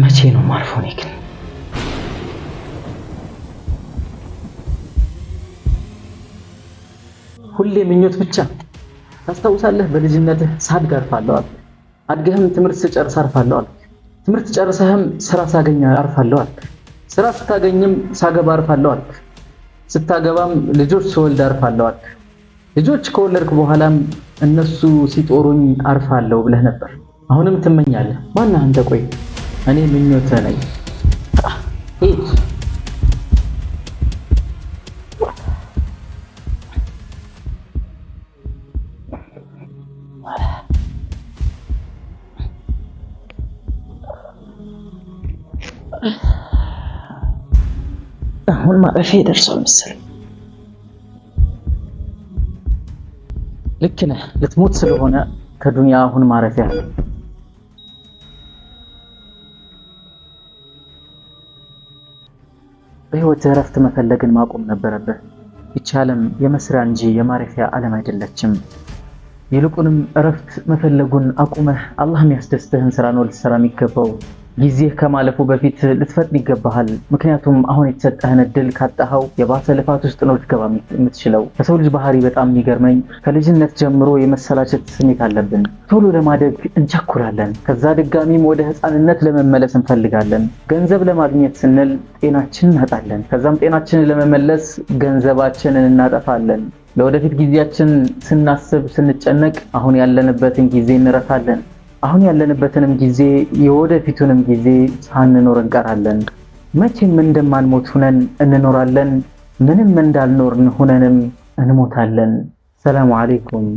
መቼ ነው ማርፎ እኔ ግን ሁሌ ምኞት ብቻ ታስታውሳለህ? በልጅነትህ ሳድግ አርፋለሁ አልክ። አድገህም ትምህርት ስጨርስ አርፋለሁ አልክ። ትምህርት ጨርሰህም ስራ ሳገኝ አርፋለሁ አልክ። ስራ ስታገኝም ሳገባ አርፋለሁ አልክ። ስታገባም ልጆች ስወልድ አርፋለሁ አልክ። ልጆች ከወለድክ በኋላም እነሱ ሲጦሩኝ አርፋለሁ ብለህ ነበር። አሁንም ትመኛለህ። ማነህ አንተ? ቆይ እኔ ምኞቴ ላይ ሂድ። አሁን ማረፊያ ደርሷል መሰለኝ። ልክ ነህ። ልትሞት ስለሆነ ከዱንያ አሁን ማረፊያ በህይወት እረፍት መፈለግን ማቆም ነበረብህ። ይቺ ዓለም የመስሪያ እንጂ የማረፊያ ዓለም አይደለችም። ይልቁንም እረፍት መፈለጉን አቁመህ አላህ የሚያስደስትህን ስራ ነው ልትሰራ የሚገባው። ጊዜህ ከማለፉ በፊት ልትፈጥን ይገባሃል። ምክንያቱም አሁን የተሰጠህን እድል ካጣኸው የባሰ ልፋት ውስጥ ነው ልትገባ የምትችለው። ከሰው ልጅ ባህሪ በጣም የሚገርመኝ ከልጅነት ጀምሮ የመሰላቸት ስሜት አለብን። ቶሎ ለማደግ እንቸኩላለን። ከዛ ድጋሚም ወደ ህፃንነት ለመመለስ እንፈልጋለን። ገንዘብ ለማግኘት ስንል ጤናችንን እናጣለን። ከዛም ጤናችንን ለመመለስ ገንዘባችንን እናጠፋለን። ለወደፊት ጊዜያችን ስናስብ ስንጨነቅ አሁን ያለንበትን ጊዜ እንረሳለን። አሁን ያለንበትንም ጊዜ የወደፊቱንም ጊዜ ሳንኖር እንቀራለን። መቼም እንደማንሞት ሁነን እንኖራለን፣ ምንም እንዳልኖርን ሁነንም እንሞታለን። ሰላሙ አሌይኩም